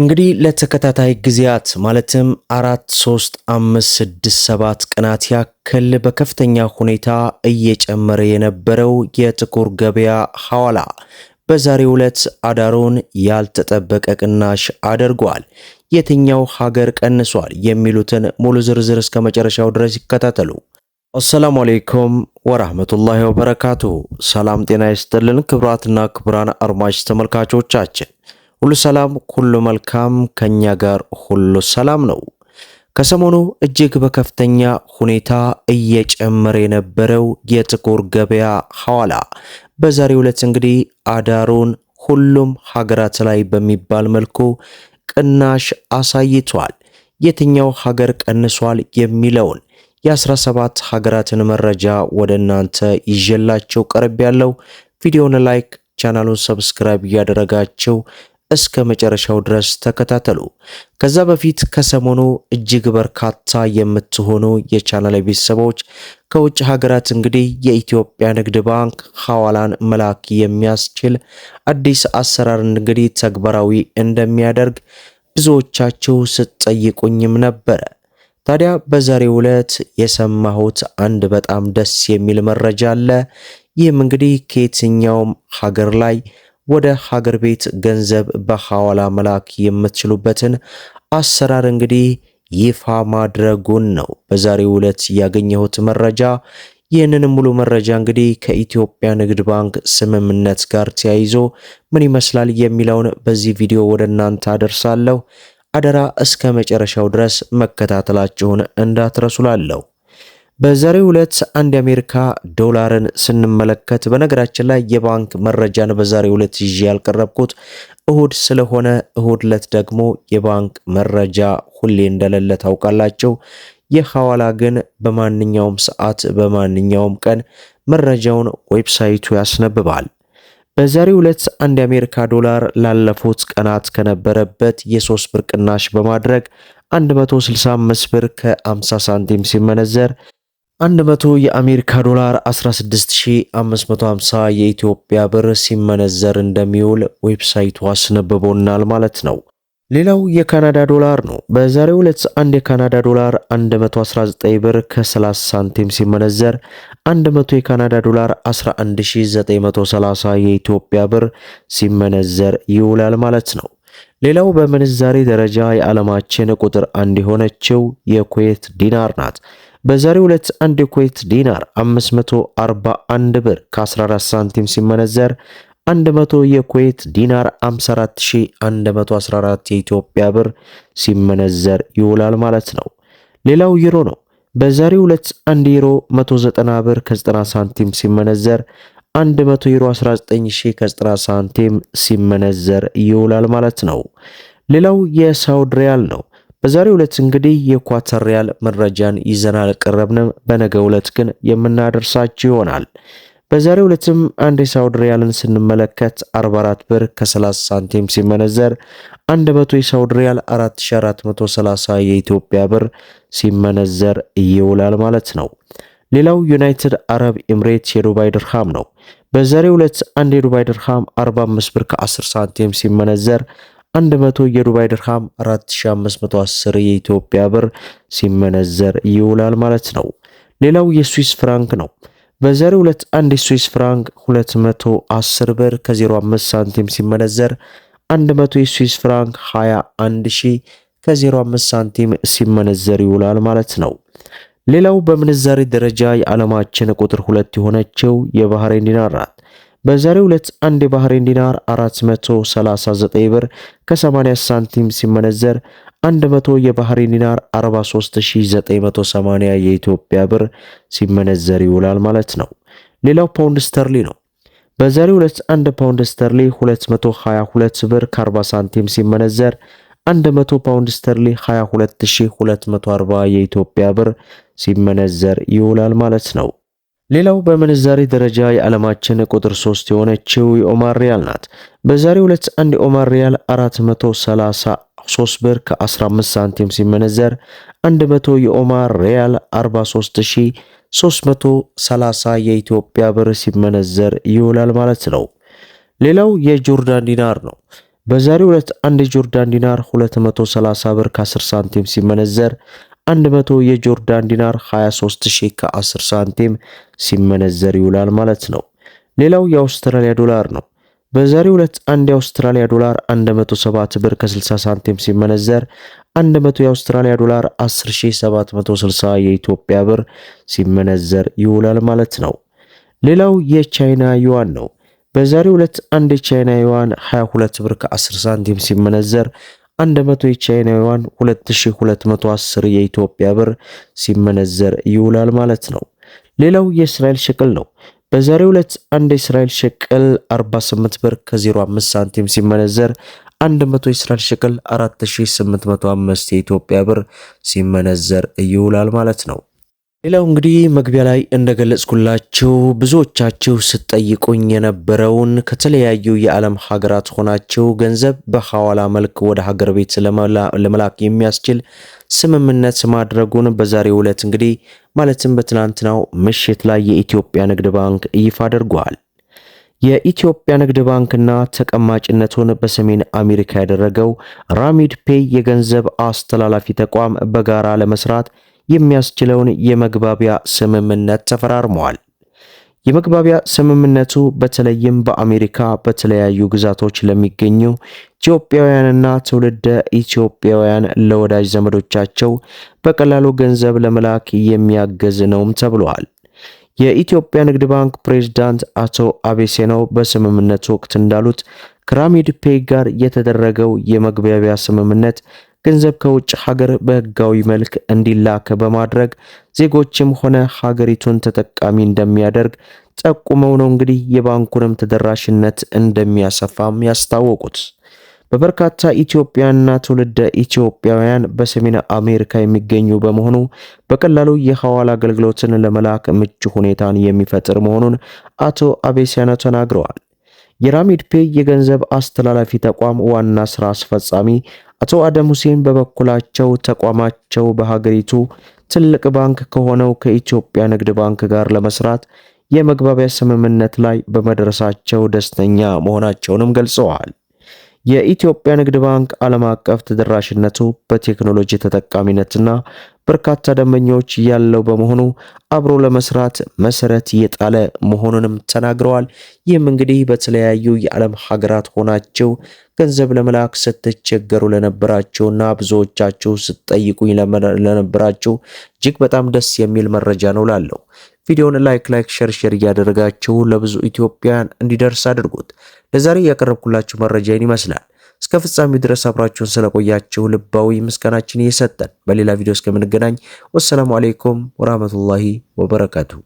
እንግዲህ ለተከታታይ ጊዜያት ማለትም አራት ሶስት አምስት ስድስት ሰባት ቀናት ያክል በከፍተኛ ሁኔታ እየጨመረ የነበረው የጥቁር ገበያ ሐዋላ በዛሬ ዕለት አዳሩን ያልተጠበቀ ቅናሽ አድርጓል። የትኛው ሀገር ቀንሷል የሚሉትን ሙሉ ዝርዝር እስከ መጨረሻው ድረስ ይከታተሉ። አሰላሙ አሌይኩም ወራህመቱላሂ ወበረካቱሁ። ሰላም ጤና ይስጥልን ክብራትና ክብራን አድማጭ ተመልካቾቻችን ሁሉ ሰላም፣ ሁሉ መልካም፣ ከኛ ጋር ሁሉ ሰላም ነው። ከሰሞኑ እጅግ በከፍተኛ ሁኔታ እየጨመረ የነበረው የጥቁር ገበያ ሐዋላ በዛሬው ዕለት እንግዲህ አዳሩን ሁሉም ሀገራት ላይ በሚባል መልኩ ቅናሽ አሳይቷል። የትኛው ሀገር ቀንሷል የሚለውን የ17 ሀገራትን መረጃ ወደ እናንተ ይዤላቸው ቀርብ ያለው ቪዲዮውን ላይክ ቻናሉን ሰብስክራይብ እያደረጋቸው እስከ መጨረሻው ድረስ ተከታተሉ። ከዛ በፊት ከሰሞኑ እጅግ በርካታ የምትሆኑ የቻናል ቤተሰቦች ከውጭ ሀገራት እንግዲህ የኢትዮጵያ ንግድ ባንክ ሐዋላን መላክ የሚያስችል አዲስ አሰራር እንግዲህ ተግባራዊ እንደሚያደርግ ብዙዎቻችሁ ስትጠይቁኝም ነበረ። ታዲያ በዛሬው ዕለት የሰማሁት አንድ በጣም ደስ የሚል መረጃ አለ። ይህም እንግዲህ ከየትኛውም ሀገር ላይ ወደ ሀገር ቤት ገንዘብ በሐዋላ መላክ የምትችሉበትን አሰራር እንግዲህ ይፋ ማድረጉን ነው በዛሬው ዕለት ያገኘሁት መረጃ። ይህንን ሙሉ መረጃ እንግዲህ ከኢትዮጵያ ንግድ ባንክ ስምምነት ጋር ተያይዞ ምን ይመስላል የሚለውን በዚህ ቪዲዮ ወደ እናንተ አደርሳለሁ። አደራ እስከ መጨረሻው ድረስ መከታተላችሁን እንዳትረሱላለሁ። በዛሬው ዕለት አንድ የአሜሪካ ዶላርን ስንመለከት በነገራችን ላይ የባንክ መረጃን በዛሬው ዕለት ይዤ ያልቀረብኩት እሁድ ስለሆነ እሁድ ዕለት ደግሞ የባንክ መረጃ ሁሌ እንደሌለ ታውቃላቸው። የሐዋላ ግን በማንኛውም ሰዓት በማንኛውም ቀን መረጃውን ዌብሳይቱ ያስነብባል። በዛሬው ዕለት አንድ የአሜሪካ ዶላር ላለፉት ቀናት ከነበረበት የሶስት ብር ቅናሽ በማድረግ 165 ብር ከ50 ሳንቲም ሲመነዘር 100 የአሜሪካ ዶላር 16550 የኢትዮጵያ ብር ሲመነዘር እንደሚውል ዌብሳይቱ አስነብቦናል ማለት ነው። ሌላው የካናዳ ዶላር ነው። በዛሬው ዕለት አንድ የካናዳ ዶላር 119 ብር ከ30 ሳንቲም ሲመነዘር 100 የካናዳ ዶላር 11930 የኢትዮጵያ ብር ሲመነዘር ይውላል ማለት ነው። ሌላው በምንዛሬ ደረጃ የዓለማችን ቁጥር አንድ የሆነችው የኩዌት ዲናር ናት። በዛሬው ዕለት አንድ የኩዌት ዲናር 541 ብር ከ14 ሳንቲም ሲመነዘር 100 የኩዌት ዲናር 54114 የኢትዮጵያ ብር ሲመነዘር ይውላል ማለት ነው። ሌላው ዩሮ ነው። በዛሬው ዕለት አንድ ዩሮ 190 ብር ከ90 ሳንቲም ሲመነዘር 100 ዩሮ 19 ሺህ ሳንቲም ሲመነዘር ይውላል ማለት ነው። ሌላው የሳውድ ሪያል ነው። በዛሬው ዕለት እንግዲህ የኳተር ሪያል መረጃን ይዘን አልቀረብንም። በነገው ዕለት ግን የምናደርሳችሁ ይሆናል። በዛሬው ዕለትም አንድ የሳውዲ ሪያልን ስንመለከት 44 ብር ከ30 ሳንቲም ሲመነዘር 100 የሳውዲ ሪያል 4430 የኢትዮጵያ ብር ሲመነዘር ይውላል ማለት ነው። ሌላው ዩናይትድ አረብ ኤምሬት የዱባይ ድርሃም ነው። በዛሬው ዕለት አንድ የዱባይ ድርሃም 45 ብር ከ10 ሳንቲም ሲመነዘር 100 የዱባይ ድርሃም 4510 የኢትዮጵያ ብር ሲመነዘር ይውላል ማለት ነው። ሌላው የስዊስ ፍራንክ ነው። በዛሬው ዕለት አንድ የስዊስ ፍራንክ 210 ብር ከ05 ሳንቲም ሲመነዘር 100 የስዊስ ፍራንክ 21000 ከ05 ሳንቲም ሲመነዘር ይውላል ማለት ነው። ሌላው በምንዛሬ ደረጃ የዓለማችን ቁጥር ሁለት የሆነችው የባህሬን ዲናር ናት። በዛሬው ዕለት አንድ የባህሬን ዲናር 439 ብር ከ80 ሳንቲም ሲመነዘር 100 የባህሬን ዲናር 43980 የኢትዮጵያ ብር ሲመነዘር ይውላል ማለት ነው። ሌላው ፓውንድ ስተርሊ ነው። በዛሬው ዕለት አንድ ፓውንድ ስተርሊ 222 ብር ከ40 ሳንቲም ሲመነዘር 100 ፓውንድ ስተርሊን 22240 የኢትዮጵያ ብር ሲመነዘር ይውላል ማለት ነው። ሌላው በምንዛሬ ደረጃ የዓለማችን ቁጥር 3 የሆነችው የኦማር ሪያል ናት። በዛሬው ዕለት አንድ የኦማር ሪያል 433 ብር ከ15 ሳንቲም ሲመነዘር 100 የኦማር ሪያል 43330 የኢትዮጵያ ብር ሲመነዘር ይውላል ማለት ነው። ሌላው የጆርዳን ዲናር ነው። በዛሬው ዕለት አንድ የጆርዳን ዲናር 230 ብር ከ10 ሳንቲም ሲመነዘር 100 የጆርዳን ዲናር 23 ሺህ ከ10 ሳንቲም ሲመነዘር ይውላል ማለት ነው። ሌላው የአውስትራሊያ ዶላር ነው። በዛሬው ዕለት አንድ የአውስትራሊያ ዶላር 107 ብር ከ60 ሳንቲም ሲመነዘር 100 የአውስትራሊያ ዶላር 10760 የኢትዮጵያ ብር ሲመነዘር ይውላል ማለት ነው። ሌላው የቻይና ዩዋን ነው። በዛሬው ዕለት አንድ የቻይና ዩዋን 22 ብር ከ10 ሳንቲም ሲመነዘር 100 የቻይና ዩዋን 2210 የኢትዮጵያ ብር ሲመነዘር ይውላል ማለት ነው። ሌላው የእስራኤል ሽቅል ነው። በዛሬው ዕለት አንድ የእስራኤል ሽቅል 48 ብር ከ05 ሳንቲም ሲመነዘር 100 የእስራኤል ሸቅል 4805 የኢትዮጵያ ብር ሲመነዘር ይውላል ማለት ነው። ሌላው እንግዲህ መግቢያ ላይ እንደገለጽኩላችሁ ብዙዎቻችሁ ስትጠይቁኝ የነበረውን ከተለያዩ የዓለም ሀገራት ሆናችሁ ገንዘብ በሐዋላ መልክ ወደ ሀገር ቤት ለመላክ የሚያስችል ስምምነት ማድረጉን በዛሬው ዕለት እንግዲህ ማለትም በትናንትናው ምሽት ላይ የኢትዮጵያ ንግድ ባንክ ይፋ አድርጓል። የኢትዮጵያ ንግድ ባንክና ተቀማጭነቱን በሰሜን አሜሪካ ያደረገው ራሚድ ፔይ የገንዘብ አስተላላፊ ተቋም በጋራ ለመስራት የሚያስችለውን የመግባቢያ ስምምነት ተፈራርመዋል። የመግባቢያ ስምምነቱ በተለይም በአሜሪካ በተለያዩ ግዛቶች ለሚገኙ ኢትዮጵያውያንና ትውልደ ኢትዮጵያውያን ለወዳጅ ዘመዶቻቸው በቀላሉ ገንዘብ ለመላክ የሚያገዝ ነውም ተብሏል። የኢትዮጵያ ንግድ ባንክ ፕሬዝዳንት አቶ ነው በስምምነቱ ወቅት እንዳሉት ክራሚድ ፔይ ጋር የተደረገው የመግባቢያ ስምምነት ገንዘብ ከውጭ ሀገር በህጋዊ መልክ እንዲላክ በማድረግ ዜጎችም ሆነ ሀገሪቱን ተጠቃሚ እንደሚያደርግ ጠቁመው ነው እንግዲህ የባንኩንም ተደራሽነት እንደሚያሰፋም ያስታወቁት። በበርካታ ኢትዮጵያና ትውልደ ኢትዮጵያውያን በሰሜን አሜሪካ የሚገኙ በመሆኑ በቀላሉ የሐዋላ አገልግሎትን ለመላክ ምቹ ሁኔታን የሚፈጥር መሆኑን አቶ አቤሲያነ ተናግረዋል። የራሚድ ፔይ የገንዘብ አስተላላፊ ተቋም ዋና ስራ አስፈጻሚ አቶ አደም ሁሴን በበኩላቸው ተቋማቸው በሀገሪቱ ትልቅ ባንክ ከሆነው ከኢትዮጵያ ንግድ ባንክ ጋር ለመስራት የመግባቢያ ስምምነት ላይ በመድረሳቸው ደስተኛ መሆናቸውንም ገልጸዋል። የኢትዮጵያ ንግድ ባንክ ዓለም አቀፍ ተደራሽነቱ በቴክኖሎጂ ተጠቃሚነትና በርካታ ደንበኞች ያለው በመሆኑ አብሮ ለመስራት መሰረት የጣለ መሆኑንም ተናግረዋል። ይህም እንግዲህ በተለያዩ የዓለም ሀገራት ሆናቸው ገንዘብ ለመላክ ስትቸገሩ ለነበራቸውና ብዙዎቻችሁ ስትጠይቁኝ ለነበራችሁ እጅግ በጣም ደስ የሚል መረጃ ነው ላለው ቪዲዮውን ላይክ ላይክ ሸር ሸር እያደረጋችሁ ለብዙ ኢትዮጵያን እንዲደርስ አድርጉት። ለዛሬ እያቀረብኩላችሁ መረጃን ይመስላል። እስከ ፍጻሜው ድረስ አብራችሁን ስለቆያችሁ ልባዊ ምስጋናችን እየሰጠን በሌላ ቪዲዮ እስከምንገናኝ ወሰላሙ አሌይኩም ወራህመቱላሂ ወበረካቱ።